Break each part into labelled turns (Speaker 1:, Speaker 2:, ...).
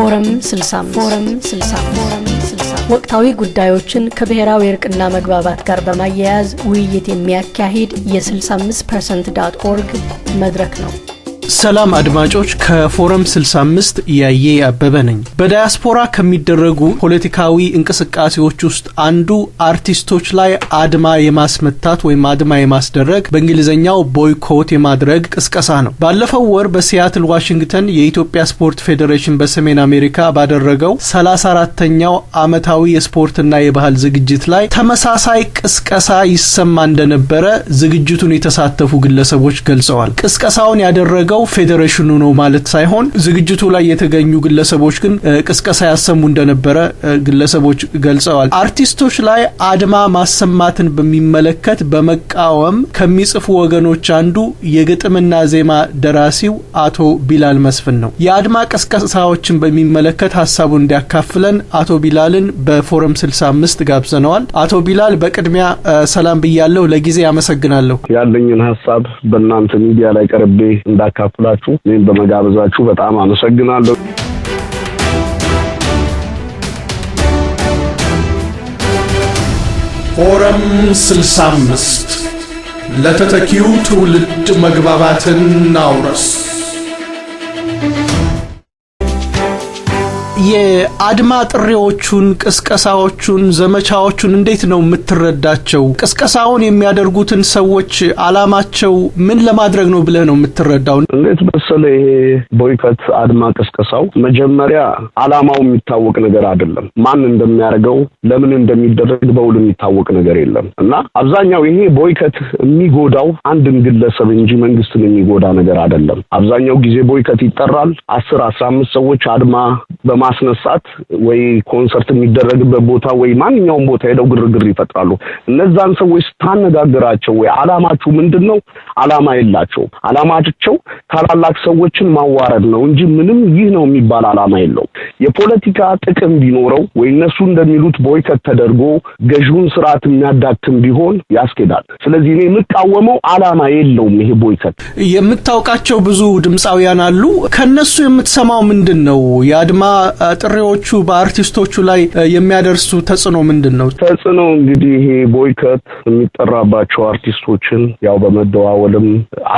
Speaker 1: ፎረም 65 ወቅታዊ ጉዳዮችን ከብሔራዊ እርቅና መግባባት ጋር በማያያዝ ውይይት የሚያካሂድ የ65 ዳት ኦርግ መድረክ ነው።
Speaker 2: ሰላም አድማጮች፣ ከፎረም 65 ያየ አበበ ነኝ። በዳያስፖራ ከሚደረጉ ፖለቲካዊ እንቅስቃሴዎች ውስጥ አንዱ አርቲስቶች ላይ አድማ የማስመታት ወይም አድማ የማስደረግ በእንግሊዝኛው ቦይኮት የማድረግ ቅስቀሳ ነው። ባለፈው ወር በሲያትል ዋሽንግተን የኢትዮጵያ ስፖርት ፌዴሬሽን በሰሜን አሜሪካ ባደረገው 34ተኛው ዓመታዊ የስፖርትና የባህል ዝግጅት ላይ ተመሳሳይ ቅስቀሳ ይሰማ እንደነበረ ዝግጅቱን የተሳተፉ ግለሰቦች ገልጸዋል። ቅስቀሳውን ያደረገው የሚመራው ፌዴሬሽኑ ነው ማለት ሳይሆን ዝግጅቱ ላይ የተገኙ ግለሰቦች ግን ቅስቀሳ ያሰሙ እንደነበረ ግለሰቦች ገልጸዋል። አርቲስቶች ላይ አድማ ማሰማትን በሚመለከት በመቃወም ከሚጽፉ ወገኖች አንዱ የግጥምና ዜማ ደራሲው አቶ ቢላል መስፍን ነው። የአድማ ቅስቀሳዎችን በሚመለከት ሀሳቡን እንዲያካፍለን አቶ ቢላልን በፎረም 65 ጋብዘነዋል። አቶ ቢላል በቅድሚያ ሰላም ብያለሁ። ለጊዜ አመሰግናለሁ።
Speaker 3: ያለኝን ሀሳብ በእናንተ ሚዲያ ላይ ቀርቤ እንዳካ ተካፍላችሁ እኔም በመጋበዛችሁ በጣም አመሰግናለሁ።
Speaker 4: ፎረም 65 ለተተኪው ትውልድ መግባባትን አውረስ
Speaker 2: የአድማ ጥሪዎቹን፣ ቅስቀሳዎቹን፣ ዘመቻዎቹን እንዴት ነው የምትረዳቸው? ቅስቀሳውን የሚያደርጉትን ሰዎች አላማቸው ምን ለማድረግ ነው ብለህ ነው የምትረዳው?
Speaker 3: እንዴት መሰለ ይሄ ቦይከት አድማ ቅስቀሳው መጀመሪያ አላማው የሚታወቅ ነገር አይደለም። ማን እንደሚያደርገው ለምን እንደሚደረግ በውል የሚታወቅ ነገር የለም እና አብዛኛው ይሄ ቦይከት የሚጎዳው አንድን ግለሰብ እንጂ መንግስትን የሚጎዳ ነገር አይደለም። አብዛኛው ጊዜ ቦይከት ይጠራል። አስር አስራ አምስት ሰዎች አድማ በማ ለማስነሳት ወይ ኮንሰርት የሚደረግበት ቦታ ወይ ማንኛውም ቦታ ሄደው ግርግር ይፈጥራሉ። እነዛን ሰዎች ስታነጋግራቸው ወይ አላማችሁ ምንድን ነው? አላማ የላቸው አላማቸው ታላላቅ ሰዎችን ማዋረድ ነው እንጂ ምንም ይህ ነው የሚባል አላማ የለው የፖለቲካ ጥቅም ቢኖረው ወይ እነሱ እንደሚሉት ቦይከት ተደርጎ ገዢውን ስርዓት የሚያዳክም ቢሆን ያስኬዳል። ስለዚህ እኔ የምቃወመው አላማ የለውም ይሄ ቦይከት።
Speaker 2: የምታውቃቸው ብዙ ድምፃውያን አሉ። ከነሱ የምትሰማው ምንድን ነው? የአድማ ጥሪዎቹ በአርቲስቶቹ ላይ የሚያደርሱ ተጽዕኖ ምንድን ነው?
Speaker 3: ተጽዕኖ እንግዲህ ይሄ ቦይከት የሚጠራባቸው አርቲስቶችን ያው በመደዋወልም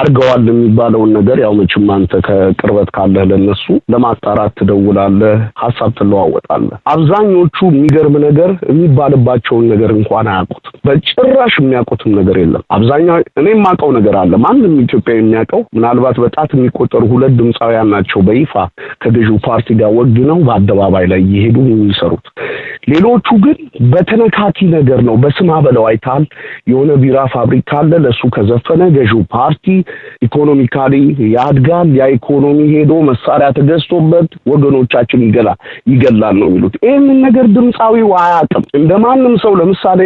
Speaker 3: አድርገዋል የሚባለውን ነገር ያው መቼም አንተ ከቅርበት ካለህ ለነሱ ለማጣራት ትደውላለህ፣ ሀሳብ ትለዋወጣለህ። አብዛኞቹ የሚገርም ነገር የሚባልባቸውን ነገር እንኳን አያውቁትም። በጭራሽ የሚያውቁትም ነገር የለም። አብዛኛው እኔ የማውቀው ነገር አለ ማንም ኢትዮጵያ የሚያውቀው ምናልባት በጣት የሚቆጠሩ ሁለት ድምፃውያን ናቸው በይፋ ከገዢው ፓርቲ ጋር ወግ ነው አደባባይ ላይ እየሄዱ የሚሰሩት። ሌሎቹ ግን በተነካኪ ነገር ነው። በስማ በለው አይታል የሆነ ቢራ ፋብሪካ አለ። ለሱ ከዘፈነ ገዢው ፓርቲ ኢኮኖሚካሊ ያድጋል። ያ ኢኮኖሚ ሄዶ መሳሪያ ተገዝቶበት ወገኖቻችን ይገላል ይገላል ነው የሚሉት። ይህንን ነገር ድምፃዊው አያውቅም። እንደማንም ሰው ለምሳሌ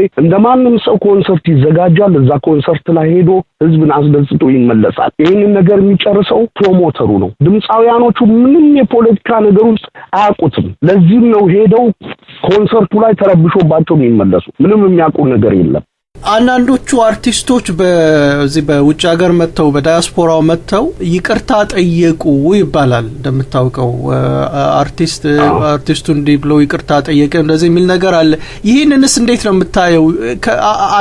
Speaker 3: ማንም ሰው ኮንሰርት ይዘጋጃል። እዛ ኮንሰርት ላይ ሄዶ ህዝብን አስደስቶ ይመለሳል። ይህንን ነገር የሚጨርሰው ፕሮሞተሩ ነው። ድምፃውያኖቹ ምንም የፖለቲካ ነገር ውስጥ አያውቁትም። ለዚህም ነው ሄደው ኮንሰርቱ ላይ ተረብሾባቸው የሚመለሱ። ምንም የሚያውቁ ነገር የለም።
Speaker 2: አንዳንዶቹ አርቲስቶች በዚህ በውጭ ሀገር መጥተው በዳያስፖራው መጥተው ይቅርታ ጠየቁ ይባላል። እንደምታውቀው አርቲስት አርቲስቱ እንዲህ ብሎ ይቅርታ ጠየቀ እንደዚህ የሚል ነገር አለ። ይህንንስ እንዴት ነው የምታየው?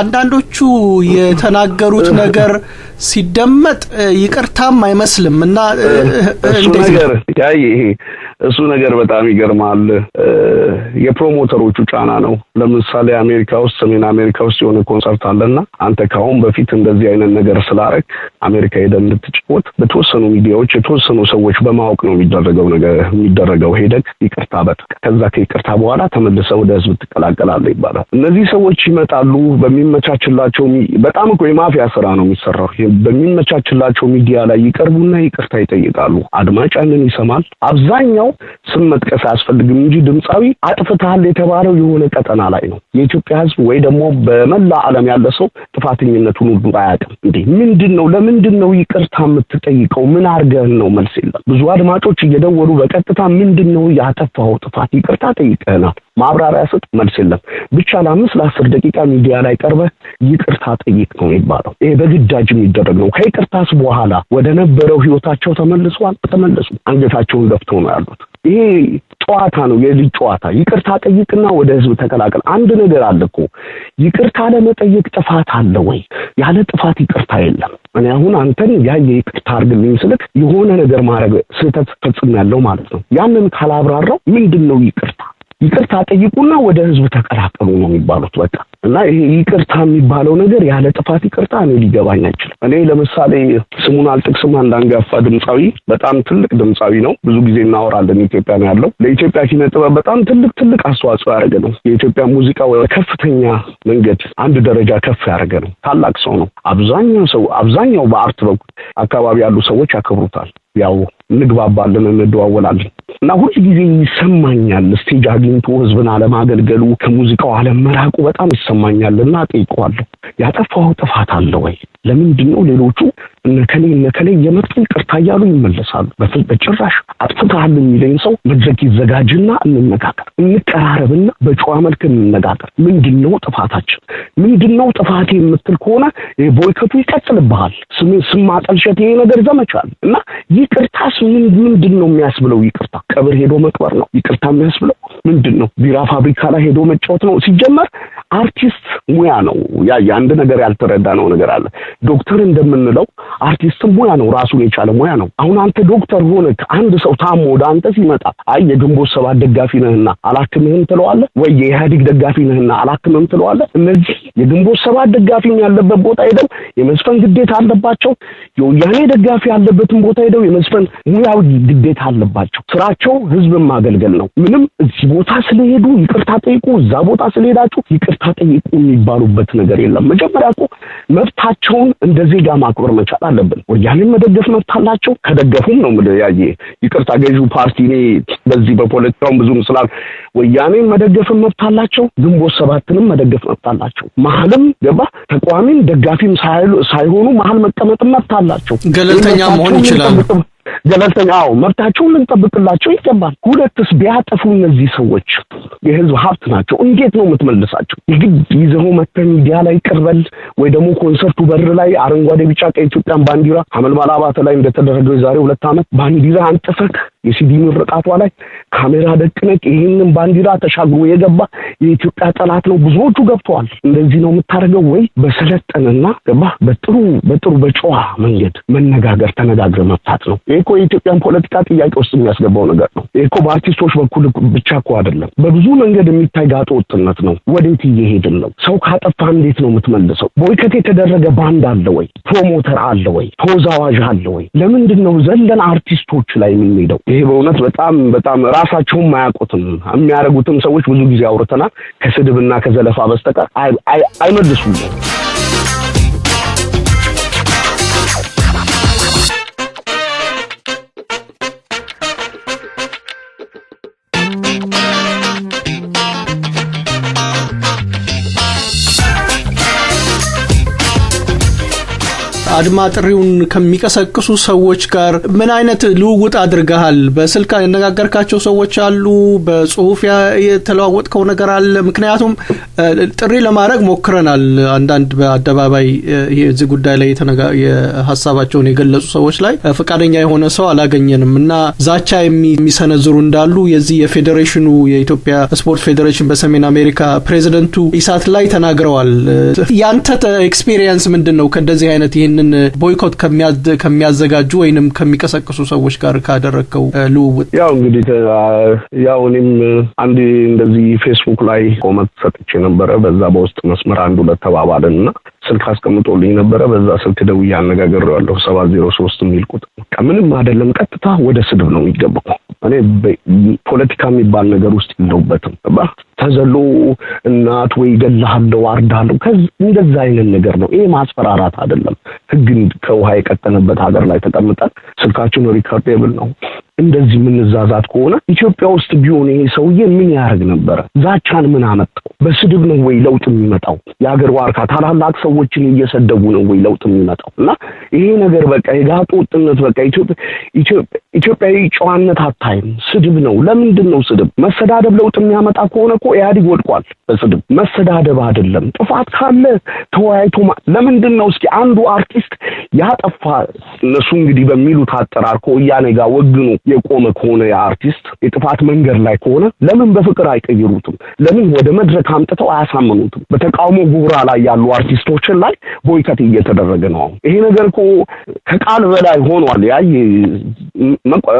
Speaker 2: አንዳንዶቹ የተናገሩት ነገር ሲደመጥ ይቅርታም አይመስልም እና
Speaker 3: እንዴት ነው እሱ ነገር በጣም ይገርማል። የፕሮሞተሮቹ ጫና ነው። ለምሳሌ አሜሪካ ውስጥ ሰሜን አሜሪካ ውስጥ የሆነ ኮንሰርት አለና አንተ ከአሁን በፊት እንደዚህ አይነት ነገር ስላረግ አሜሪካ ሄደ እንድትጫወት በተወሰኑ ሚዲያዎች የተወሰኑ ሰዎች በማወቅ ነው የሚደረገው ነገር የሚደረገው ሄደግ ይቅርታ በል፣ ከዛ ከይቅርታ በኋላ ተመልሰ ወደ ህዝብ ትቀላቀላለ ይባላል። እነዚህ ሰዎች ይመጣሉ በሚመቻችላቸው በጣም እኮ የማፊያ ስራ ነው የሚሰራው። በሚመቻችላቸው ሚዲያ ላይ ይቀርቡና ይቅርታ ይጠይቃሉ። አድማጭ ያንን ይሰማል አብዛኛው ነው። ስም መጥቀስ አያስፈልግም እንጂ ድምፃዊ አጥፍተሃል የተባለው የሆነ ቀጠና ላይ ነው። የኢትዮጵያ ሕዝብ ወይ ደግሞ በመላ ዓለም ያለ ሰው ጥፋተኝነቱን ሁሉ አያውቅም። እንዴ ምንድን ነው ለምንድን ነው ይቅርታ የምትጠይቀው? ምን አድርገህ ነው? መልስ የለም። ብዙ አድማጮች እየደወሉ በቀጥታ ምንድን ነው ያጠፋኸው ጥፋት? ይቅርታ ጠይቀህናል ማብራሪያ ስጥ፣ መልስ የለም። ብቻ ለአምስት ለአስር ደቂቃ ሚዲያ ላይ ቀርበህ ይቅርታ ጠይቅ ነው የሚባለው። ይሄ በግዳጅ የሚደረግ ነው። ከይቅርታስ በኋላ ወደ ነበረው ህይወታቸው ተመልሰዋል? ተመለሱ። አንገታቸውን ደፍተው ነው ያሉት። ይሄ ጨዋታ ነው፣ የልጅ ጨዋታ። ይቅርታ ጠይቅና ወደ ህዝብ ተቀላቀል። አንድ ነገር አለ እኮ ይቅርታ ለመጠየቅ ጥፋት አለ ወይ? ያለ ጥፋት ይቅርታ የለም። እኔ አሁን አንተን ያ የይቅርታ አድርግልኝ ስልክ የሆነ ነገር ማድረግ ስህተት ያለው ማለት ነው። ያንን ካላብራራው ምንድን ነው ይቅርታ? ይቅርታ ጠይቁና ወደ ህዝቡ ተቀላቀሉ ነው የሚባሉት። በቃ እና ይሄ ይቅርታ የሚባለው ነገር ያለ ጥፋት ይቅርታ እኔ ሊገባኝ አይችልም። እኔ ለምሳሌ ስሙን አልጥቅስም አንድ አንጋፋ ድምፃዊ፣ በጣም ትልቅ ድምፃዊ ነው። ብዙ ጊዜ እናወራለን። ኢትዮጵያ ነው ያለው። ለኢትዮጵያ ኪነ ጥበብ በጣም ትልቅ ትልቅ አስተዋጽኦ ያደረገ ነው። የኢትዮጵያ ሙዚቃ ወደ ከፍተኛ መንገድ አንድ ደረጃ ከፍ ያደረገ ነው። ታላቅ ሰው ነው። አብዛኛው ሰው አብዛኛው በአርት በኩል አካባቢ ያሉ ሰዎች ያከብሩታል። ያው እንግባባለን፣ እንደዋወላለን እና ሁል ጊዜ ይሰማኛል ስቴጅ አግኝቶ ህዝብን አለማገልገሉ ከሙዚቃው አለመራቁ በጣም ይሰማኛልና ጠይቀዋለሁ። ያጠፋው ጥፋት አለ ወይ? ለምንድን ነው ሌሎቹ እነከሌ እነከሌ እየመጡ ይቅርታ እያሉ ይመለሳሉ። በጭራሽ አጥፍተሃል የሚለኝ ሰው መድረክ ይዘጋጅና እንነጋገር፣ እንቀራረብና በጨዋ መልክ እንነጋገር። ምንድን ነው ጥፋታችን? ምንድን ነው ጥፋቴ የምትል ከሆነ ቦይከቱ ይቀጥልብሃል። ስም ማጠልሸት ይሄ ነገር ዘመቻል እና ይቅርታስ ምንድን ነው የሚያስብለው? ይቅርታ ቀብር ሄዶ መቅበር ነው ይቅርታ የሚያስብለው ምንድን ነው? ቢራ ፋብሪካ ላይ ሄዶ መጫወት ነው? ሲጀመር አርቲስት ሙያ ነው። ያ አንድ ነገር ነው ነገር አለ ዶክተር እንደምንለው አርቲስትም ሙያ ነው፣ ራሱን የቻለ ሙያ ነው። አሁን አንተ ዶክተር ሆነህ አንድ ሰው ታሞ ወደ አንተ ሲመጣ አይ የግንቦት ሰባት ደጋፊ ነህና አላክምህም ትለዋለህ ወይ የኢህአዴግ ደጋፊ ነህና አላክምህም ትለዋለህ? እነዚህ የግንቦት ሰባት ደጋፊም ያለበት ቦታ ሄደው የመዝፈን ግዴታ አለባቸው። የወያኔ ደጋፊ ያለበትን ቦታ ሄደው የመዝፈን ሙያዊ ግዴታ አለባቸው። ስራቸው ህዝብን ማገልገል ነው። ምንም እዚህ ቦታ ስለሄዱ ይቅርታ ጠይቁ፣ እዛ ቦታ ስለሄዳችሁ ይቅርታ ጠይቁ የሚባሉበት ነገር የለም። መጀመሪያ እኮ መብታቸውን እንደ ዜጋ ማክበር መቻል አለብን። ወያኔን መደገፍ መብት አላቸው። ከደገፉም ነው የምልህ ያየ ይቅርታ ገዢው ፓርቲ እኔ በዚህ በፖለቲካውም ብዙም ስላል ወያኔን መደገፍን መብት አላቸው። ግንቦት ሰባትንም መደገፍ መብት አላቸው። መሀልም ገባ ተቋሚም ደጋፊም ሳይሆኑ መሀል መቀመጥ መብት አላቸው።
Speaker 2: ገለልተኛ መሆን ይችላሉ። ገለልተኛ አዎ፣ መብታቸውን ልንጠብቅላቸው ይገባል። ሁለትስ ቢያጠፉ እነዚህ ሰዎች የህዝብ ሀብት ናቸው። እንዴት ነው የምትመልሳቸው? የግድ ይዘው መተህ ሚዲያ ላይ ቅርበል ወይ ደግሞ ኮንሰርቱ በር ላይ አረንጓዴ፣ ቢጫ፣ ቀይ ኢትዮጵያን ባንዲራ ሐመልማል አባተ ላይ እንደተደረገው የዛሬ ሁለት ዓመት ባንዲራ አንጥፈክ የሲዲ ምርቃቷ ላይ ካሜራ ደቅነቅ ይህንን ባንዲራ ተሻግሮ የገባ የኢትዮጵያ ጠላት ነው። ብዙዎቹ ገብተዋል። እንደዚህ ነው የምታደርገው ወይ? በሰለጠንና ገባ በጥሩ በጥሩ በጨዋ መንገድ መነጋገር ተነጋግረ መፍታት ነው። ይህ እኮ የኢትዮጵያን ፖለቲካ ጥያቄ ውስጥ የሚያስገባው ነገር ነው። ኤኮ እኮ በአርቲስቶች በኩል ብቻ እኮ አይደለም፣ በብዙ መንገድ የሚታይ ጋጠ ወጥነት ነው። ወዴት እየሄድን ነው? ሰው ካጠፋ እንዴት ነው የምትመልሰው? ቦይከት የተደረገ ባንድ አለ ወይ? ፕሮሞተር አለ ወይ? ተወዛዋዥ አለ ወይ? ለምንድን ነው ዘለን አርቲስቶች ላይ የምንሄደው? ይሄ በእውነት በጣም በጣም ራሳቸውም አያውቁትም። የሚያደርጉትም ሰዎች ብዙ ጊዜ አውርተናል። ከስድብና ከዘለፋ በስተቀር አይመልሱም። አድማ ጥሪውን ከሚቀሰቅሱ ሰዎች ጋር ምን አይነት ልውውጥ አድርገሃል? በስልክ ያነጋገርካቸው ሰዎች አሉ? በጽሁፍ የተለዋወጥከው ነገር አለ? ምክንያቱም ጥሪ ለማድረግ ሞክረናል። አንዳንድ በአደባባይ የዚህ ጉዳይ ላይ ሀሳባቸውን የገለጹ ሰዎች ላይ ፈቃደኛ የሆነ ሰው አላገኘንም እና ዛቻ የሚሰነዝሩ እንዳሉ የዚህ የፌዴሬሽኑ የኢትዮጵያ ስፖርት ፌዴሬሽን በሰሜን አሜሪካ ፕሬዚደንቱ ኢሳት ላይ ተናግረዋል። ያንተ ኤክስፔሪየንስ ምንድን ነው ከእንደዚህ አይነት ይህንን ይህንን ቦይኮት ከሚያዘጋጁ ወይንም ከሚቀሰቅሱ ሰዎች ጋር ካደረግከው ልውውጥ? ያው
Speaker 3: እንግዲህ ያው እኔም አንድ እንደዚህ ፌስቡክ ላይ ኮመንት ሰጥቼ ነበረ። በዛ በውስጥ መስመር አንድ ሁለት ተባባልን እና ስልክ አስቀምጦልኝ ነበረ። በዛ ስልክ ደውዬ አነጋግሬዋለሁ። ሰባት ዜሮ ሶስት የሚል ቁጥር ከምንም አይደለም። ቀጥታ ወደ ስድብ ነው የሚገባው። እኔ ፖለቲካ የሚባል ነገር ውስጥ የለሁበትም። ተዘሎ እናት ወይ ገላሃለው አርዳለሁ እንደዛ አይነት ነገር ነው። ይሄ ማስፈራራት አይደለም። ህግን ከውሃ የቀጠነበት ሀገር ላይ ተቀምጠን ስልካችን ሪከርዴብል ነው እንደዚህ የምንዛዛት ከሆነ ኢትዮጵያ ውስጥ ቢሆን ይሄ ሰውዬ ምን ያደርግ ነበረ? ዛቻን ምን አመጣው? በስድብ ነው ወይ ለውጥ የሚመጣው? የሀገር ዋርካ ታላላቅ ሰዎችን እየሰደቡ ነው ወይ ለውጥ የሚመጣው? እና ይሄ ነገር በቃ የጋጦ ወጥነት በቃ ኢትዮጵያ ኢትዮጵያዊ ጨዋነት አታይም። ስድብ ነው። ለምንድን ነው ስድብ? መሰዳደብ ለውጥ የሚያመጣ ከሆነ እኮ ኢህአዲግ ወድቋል። በስድብ መሰዳደብ አይደለም። ጥፋት ካለ ተወያይቶ ለምንድን ነው እስኪ አንዱ አርቲስት ያጠፋ እነሱ እንግዲህ በሚሉት አጠራር ከወያኔ ጋር ወግኑ የቆመ ከሆነ የአርቲስት የጥፋት መንገድ ላይ ከሆነ ለምን በፍቅር አይቀይሩትም? ለምን ወደ መድረክ አምጥተው አያሳምኑትም? በተቃውሞ ጉራ ላይ ያሉ አርቲስቶችን ላይ ቦይከት እየተደረገ ነው። ይሄ ነገር እኮ ከቃል በላይ ሆኗል። ያ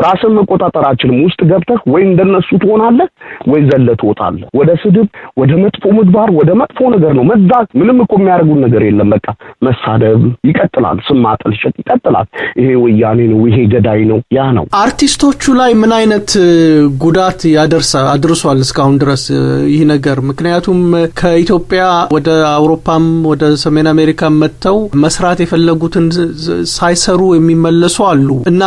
Speaker 3: ራስን መቆጣጠር አችልም። ውስጥ ገብተህ ወይ እንደነሱ ትሆናለህ ወይ ዘለ ትወጣለህ። ወደ ስድብ፣ ወደ መጥፎ ምግባር፣ ወደ መጥፎ ነገር ነው መዛ። ምንም እኮ የሚያደርጉን ነገር የለም። በቃ መሳደብ ይቀጥላል። ስም ማጥላሸት ይቀጥላል። ይሄ ወያኔ ነው፣ ይሄ ገዳይ ነው፣ ያ ነው። አርቲስቶቹ
Speaker 2: ላይ ምን አይነት ጉዳት ያደርሳ አድርሷል እስካሁን ድረስ ይህ ነገር? ምክንያቱም ከኢትዮጵያ ወደ አውሮፓም ወደ ሰሜን አሜሪካ መጥተው መስራት የፈለጉትን ሳይሰሩ የሚመለሱ አሉ እና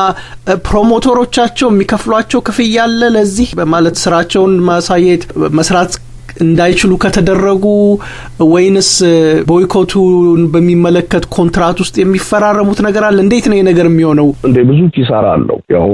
Speaker 2: ፕሮሞተሮቻቸው የሚከፍሏቸው ክፍያ አለ ለዚህ በማለት ስራቸውን ማሳየት መስራት እንዳይችሉ ከተደረጉ ወይንስ ቦይኮቱን በሚመለከት ኮንትራት ውስጥ የሚፈራረሙት ነገር አለ? እንዴት ነው ነገር የሚሆነው? እንዴ
Speaker 3: ብዙ ኪሳራ አለው። ያው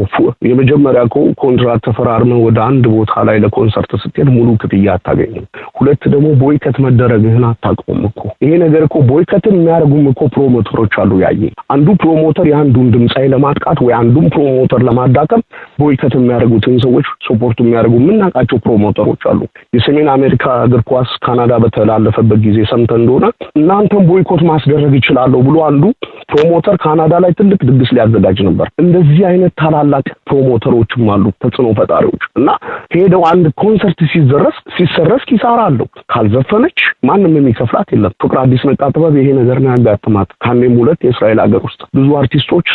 Speaker 3: የመጀመሪያ እኮ ኮንትራት ተፈራርመ ወደ አንድ ቦታ ላይ ለኮንሰርት ስትሄድ ሙሉ ክፍያ አታገኝም። ሁለት ደግሞ ቦይከት መደረግህን አታውቀውም እኮ። ይሄ ነገር እኮ ቦይከትን የሚያደርጉም እኮ ፕሮሞተሮች አሉ። ያየ አንዱ ፕሮሞተር የአንዱን ድምፃዊ ለማጥቃት ወይ አንዱን ፕሮሞተር ለማዳቀም ቦይከት የሚያደርጉትን ሰዎች ሶፖርቱ የሚያደርጉ የምናውቃቸው ፕሮሞተሮች አሉ። የሰሜን አሜሪካ የአሜሪካ እግር ኳስ ካናዳ በተላለፈበት ጊዜ ሰምተ እንደሆነ እናንተም ቦይኮት ማስደረግ ይችላለሁ ብሎ አንዱ ፕሮሞተር ካናዳ ላይ ትልቅ ድግስ ሊያዘጋጅ ነበር። እንደዚህ አይነት ታላላቅ ፕሮሞተሮችም አሉ፣ ተጽዕኖ ፈጣሪዎች እና ሄደው አንድ ኮንሰርት ሲዘረስ ሲሰረስ ኪሳራ አለው። ካልዘፈነች ማንም የሚከፍላት የለም። ፍቅር አዲስ ነቃ ጥበብ ይሄ ነገር ነው ያጋጥማት። ከአንዴም ሁለት የእስራኤል ሀገር ውስጥ ብዙ አርቲስቶች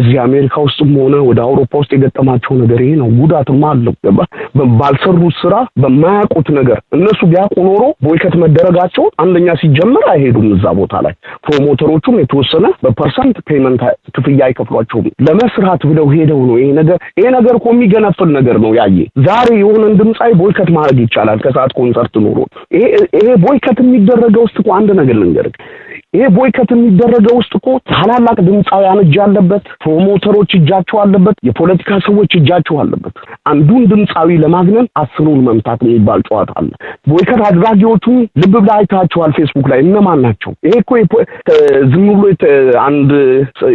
Speaker 3: እዚህ አሜሪካ ውስጥም ሆነ ወደ አውሮፓ ውስጥ የገጠማቸው ነገር ይሄ ነው። ጉዳትም አለው። ባልሰሩት ስራ በማያውቁት ነገር ነበር። እነሱ ቢያውቁ ኖሮ ቦይከት መደረጋቸውን አንደኛ ሲጀመር አይሄዱም እዛ ቦታ ላይ ፕሮሞተሮቹም የተወሰነ በፐርሰንት ፔመንት ክፍያ አይከፍሏቸውም። ለመስራት ብለው ሄደው ነው። ይሄ ነገር ይሄ ነገር እኮ የሚገነፍል ነገር ነው። ያየ ዛሬ የሆነን ድምፃዊ ቦይከት ማድረግ ይቻላል ከሰዓት ኮንሰርት ኖሮ። ይሄ ቦይከት የሚደረገው ውስጥ እኮ አንድ ነገር ልንገርህ ይሄ ቦይከት የሚደረገ ውስጥ እኮ ታላላቅ ድምፃውያን እጅ አለበት፣ ፕሮሞተሮች እጃቸው አለበት፣ የፖለቲካ ሰዎች እጃቸው አለበት። አንዱን ድምፃዊ ለማግነን አስሩን መምታት የሚባል ጨዋታ አይደለም። ቦይከት አድራጊዎቹ ልብ ብላ አይታችኋል፣ ፌስቡክ ላይ እነማን ናቸው? ይሄ እኮ ዝም ብሎ አንድ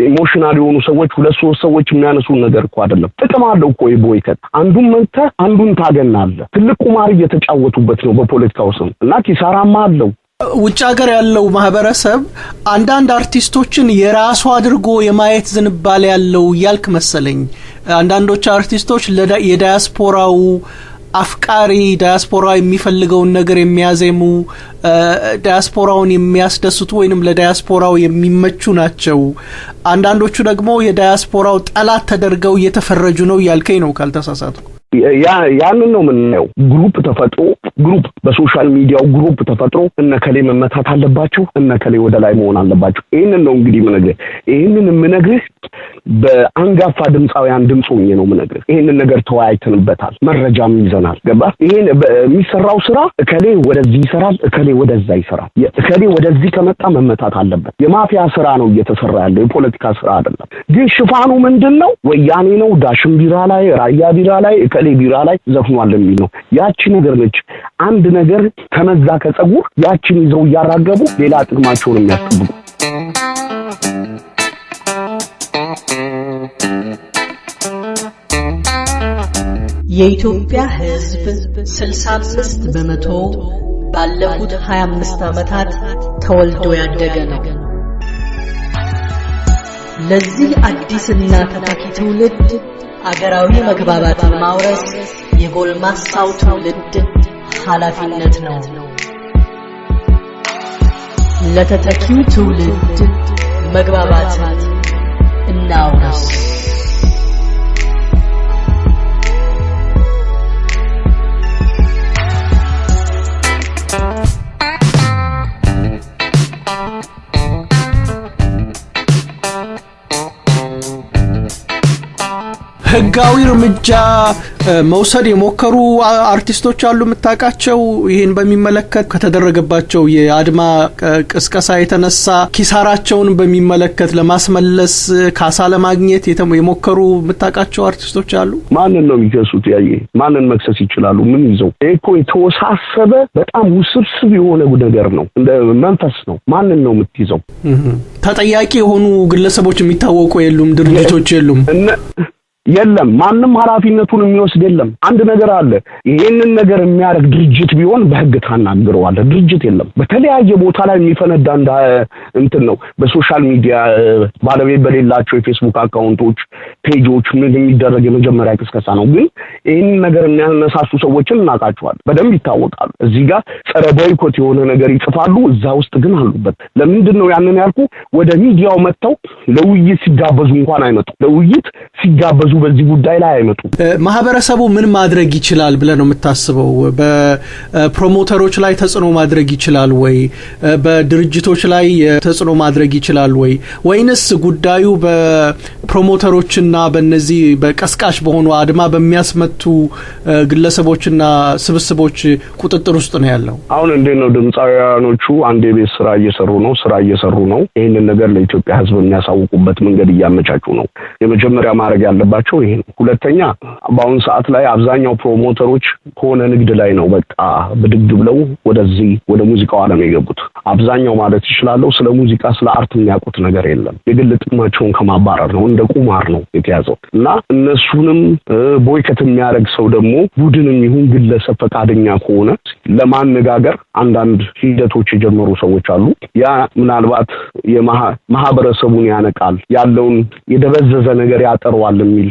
Speaker 3: ኢሞሽናል የሆኑ ሰዎች ሁለት ሶስት ሰዎች የሚያነሱን ነገር እኮ አይደለም። ጥቅም አለው እኮ ይሄ ቦይከት። አንዱን መተህ አንዱን ታገናለህ። ትልቅ ቁማር እየተጫወቱበት ነው በፖለቲካው ስም እና ኪሳራማ አለው።
Speaker 2: ውጭ ሀገር ያለው ማህበረሰብ አንዳንድ አርቲስቶችን የራሱ አድርጎ የማየት ዝንባሌ ያለው እያልክ መሰለኝ። አንዳንዶች አርቲስቶች የዳያስፖራው አፍቃሪ ዳያስፖራ የሚፈልገውን ነገር የሚያዜሙ ዳያስፖራውን የሚያስደስቱ ወይንም ለዳያስፖራው የሚመቹ ናቸው። አንዳንዶቹ ደግሞ የዳያስፖራው ጠላት ተደርገው እየተፈረጁ ነው እያልከኝ ነው ካልተሳሳቱ ያንን ነው የምናየው። ግሩፕ ተፈጥሮ ግሩፕ በሶሻል ሚዲያው ግሩፕ ተፈጥሮ እነከሌ መመታት አለባቸው፣ እነከሌ ወደ ላይ መሆን አለባቸው። ይህንን ነው እንግዲህ ምነግርህ። ይህንን የምነግርህ በአንጋፋ ድምፃውያን ድምፅ ሆኜ ነው ምነግርህ። ይህንን ነገር ተወያይተንበታል፣ መረጃም ይዘናል። ገባህ? ይህን የሚሰራው ስራ እከሌ ወደዚህ ይሰራል፣ እከሌ ወደዛ ይሰራል። እከሌ ወደዚህ ከመጣ መመታት አለበት። የማፊያ ስራ ነው እየተሰራ ያለው፣ የፖለቲካ ስራ አይደለም። ግን ሽፋኑ ምንድን ነው? ወያኔ ነው ዳሽን ቢራ ላይ ራያ ቢራ ላይ እከሌ ቢራ ላይ ዘፍኗል የሚል ነው። ያቺ ነገር ነች አንድ ነገር ከመዛ ከጸጉር ያቺን ይዘው እያራገቡ ሌላ ጥቅማቸውን የሚያስጠብቁ
Speaker 1: የኢትዮጵያ ሕዝብ 65 በመቶ ባለፉት 25 ዓመታት ተወልዶ ያደገ ነው። ለዚህ አዲስና ተተኪ ትውልድ አገራዊ መግባባት ማውረስ የጎልማሳው ትውልድ ኃላፊነት ነው። ለተተኪው ትውልድ መግባባት እናውረስ።
Speaker 2: ህጋዊ እርምጃ መውሰድ የሞከሩ አርቲስቶች አሉ የምታውቃቸው? ይህን በሚመለከት ከተደረገባቸው የአድማ ቅስቀሳ የተነሳ ኪሳራቸውን በሚመለከት ለማስመለስ ካሳ ለማግኘት የሞከሩ የምታውቃቸው አርቲስቶች አሉ?
Speaker 3: ማንን ነው የሚከሱት? ያየ ማንን መክሰስ ይችላሉ? ምን ይዘው? ይህ እኮ የተወሳሰበ በጣም ውስብስብ የሆነ ነገር ነው። እንደ መንፈስ ነው። ማንን ነው የምትይዘው?
Speaker 2: ተጠያቂ የሆኑ ግለሰቦች የሚታወቁ የሉም፣ ድርጅቶች የሉም።
Speaker 3: የለም ማንም ኃላፊነቱን የሚወስድ የለም። አንድ ነገር አለ። ይህንን ነገር የሚያደርግ ድርጅት ቢሆን በህግ ታናግረዋለህ። ድርጅት የለም። በተለያየ ቦታ ላይ የሚፈነዳ እንደ እንትን ነው። በሶሻል ሚዲያ ባለቤት በሌላቸው የፌስቡክ አካውንቶች፣ ፔጆች ምን የሚደረግ የመጀመሪያ ቅስቀሳ ነው። ግን ይህንን ነገር የሚያነሳሱ ሰዎችን እናቃቸዋል። በደንብ ይታወቃሉ። እዚህ ጋር ጸረ ቦይኮት የሆነ ነገር ይጽፋሉ፣ እዛ ውስጥ ግን አሉበት። ለምንድን ነው ያንን ያልኩ? ወደ ሚዲያው መጥተው ለውይይት ሲጋበዙ እንኳን አይመጡ ለውይይት ሲጋበዙ ብዙ በዚህ ጉዳይ ላይ አይመጡ
Speaker 2: ማህበረሰቡ ምን ማድረግ ይችላል ብለህ ነው የምታስበው? በፕሮሞተሮች ላይ ተጽዕኖ ማድረግ ይችላል ወይ? በድርጅቶች ላይ ተጽዕኖ ማድረግ ይችላል ወይ? ወይንስ ጉዳዩ በፕሮሞተሮችና በነዚህ በቀስቃሽ በሆኑ አድማ በሚያስመቱ ግለሰቦችና ስብስቦች ቁጥጥር ውስጥ ነው ያለው?
Speaker 3: አሁን እንዴት ነው ድምፃውያኖቹ አንድ የቤት ስራ እየሰሩ ነው፣ ስራ እየሰሩ ነው። ይህንን ነገር ለኢትዮጵያ ህዝብ የሚያሳውቁበት መንገድ እያመቻቹ ነው። የመጀመሪያ ማድረግ ያለባቸው የምነግራቸው ይሄ ነው። ሁለተኛ በአሁኑ ሰዓት ላይ አብዛኛው ፕሮሞተሮች ከሆነ ንግድ ላይ ነው በቃ ብድግ ብለው ወደዚህ ወደ ሙዚቃው ዓለም የገቡት። አብዛኛው ማለት ይችላለሁ ስለ ሙዚቃ ስለ አርት የሚያውቁት ነገር የለም። የግል ጥቅማቸውን ከማባረር ነው፣ እንደ ቁማር ነው የተያዘው እና እነሱንም ቦይከት የሚያደርግ ሰው ደግሞ ቡድንም ይሁን ግለሰብ ፈቃደኛ ከሆነ ለማነጋገር አንዳንድ ሂደቶች የጀመሩ ሰዎች አሉ። ያ ምናልባት ማህበረሰቡን ያነቃል፣ ያለውን የደበዘዘ ነገር ያጠረዋል የሚል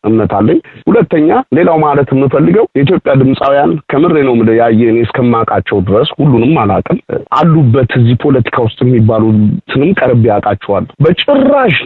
Speaker 3: እምነት አለኝ። ሁለተኛ ሌላው ማለት የምፈልገው የኢትዮጵያ ድምፃውያን ከምሬ ነው የምልህ ያየ እኔ እስከማውቃቸው ድረስ ሁሉንም አላውቅም አሉበት እዚህ ፖለቲካ ውስጥ የሚባሉትንም ቀርብ ያውቃቸዋለሁ። በጭራሽ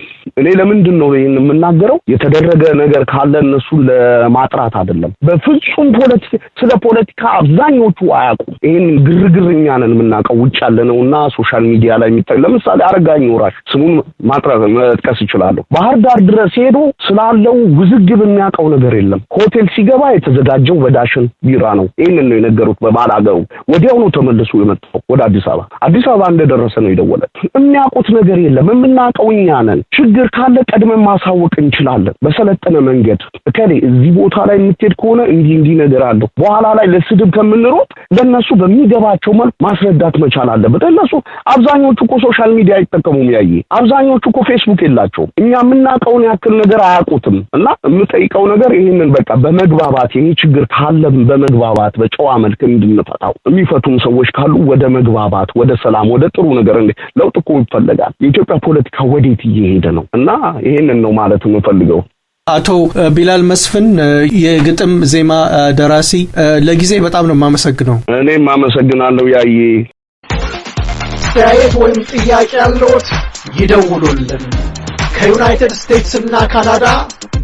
Speaker 3: እኔ ለምንድን ነው ይህን የምናገረው? የተደረገ ነገር ካለ እነሱን ለማጥራት አይደለም። በፍጹም ፖለቲ ስለ ፖለቲካ አብዛኞቹ አያውቁም። ይህን ግርግር እኛ ነን የምናውቀው ውጭ ያለ ነው እና ሶሻል ሚዲያ ላይ የሚታ ለምሳሌ አረጋኝ ወራሽ ስሙን ማጥራት መጥቀስ ይችላለሁ። ባህር ዳር ድረስ ሄዶ ስላለው ውዝግ ምግብ የሚያውቀው ነገር የለም። ሆቴል ሲገባ የተዘጋጀው በዳሽን ቢራ ነው። ይህንን ነው የነገሩት በባል አገሩ። ወዲያው ነው ተመልሶ የመጣው ወደ አዲስ አበባ። አዲስ አበባ እንደደረሰ ነው የደወለ። የሚያውቁት ነገር የለም። የምናውቀው እኛ ነን። ችግር ካለ ቀድመን ማሳወቅ እንችላለን በሰለጠነ መንገድ። እከሌ እዚህ ቦታ ላይ የምትሄድ ከሆነ እንዲህ እንዲህ ነገር አለሁ። በኋላ ላይ ለስድብ ከምንሮጥ ለእነሱ በሚገባቸው መልክ ማስረዳት መቻል አለበት። እነሱ አብዛኞቹ እኮ ሶሻል ሚዲያ አይጠቀሙም። ያየ አብዛኞቹ እኮ ፌስቡክ የላቸውም። እኛ የምናውቀውን ያክል ነገር አያውቁትም እና የምጠይቀው ነገር ይህንን በቃ በመግባባት ይሄ ችግር ካለም በመግባባት በጨዋ መልክ እንድንፈታው የሚፈቱም ሰዎች ካሉ ወደ መግባባት፣ ወደ ሰላም፣ ወደ ጥሩ ነገር እንደ ለውጥ እኮ ይፈለጋል። የኢትዮጵያ ፖለቲካ ወዴት እየሄደ ነው? እና ይህንን ነው ማለት የምፈልገው።
Speaker 2: አቶ ቢላል መስፍን የግጥም ዜማ ደራሲ፣ ለጊዜ በጣም ነው የማመሰግነው።
Speaker 3: እኔም አመሰግናለሁ። ያዬ
Speaker 4: አስተያየት ወይም ጥያቄ ያለዎት ይደውሉልን። ከዩናይትድ እና ካናዳ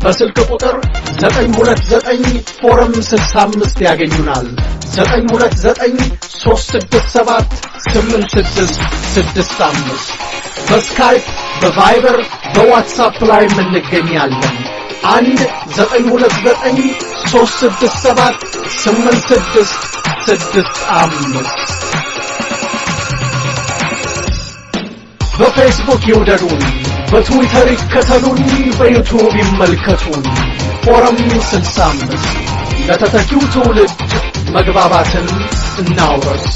Speaker 4: በስልክ ቁጥር 929 ፎረም 65 ያገኙናል። 929 በስካይፕ በቫይበር በዋትሳፕ ላይ እንገኛለን። 1 929 367 በፌስቡክ ይውደዱን። በትዊተር ይከተሉን፣ በዩቱብ ይመልከቱን። ፎረም 65 ለተተኪው ትውልድ መግባባትን እናውረስ።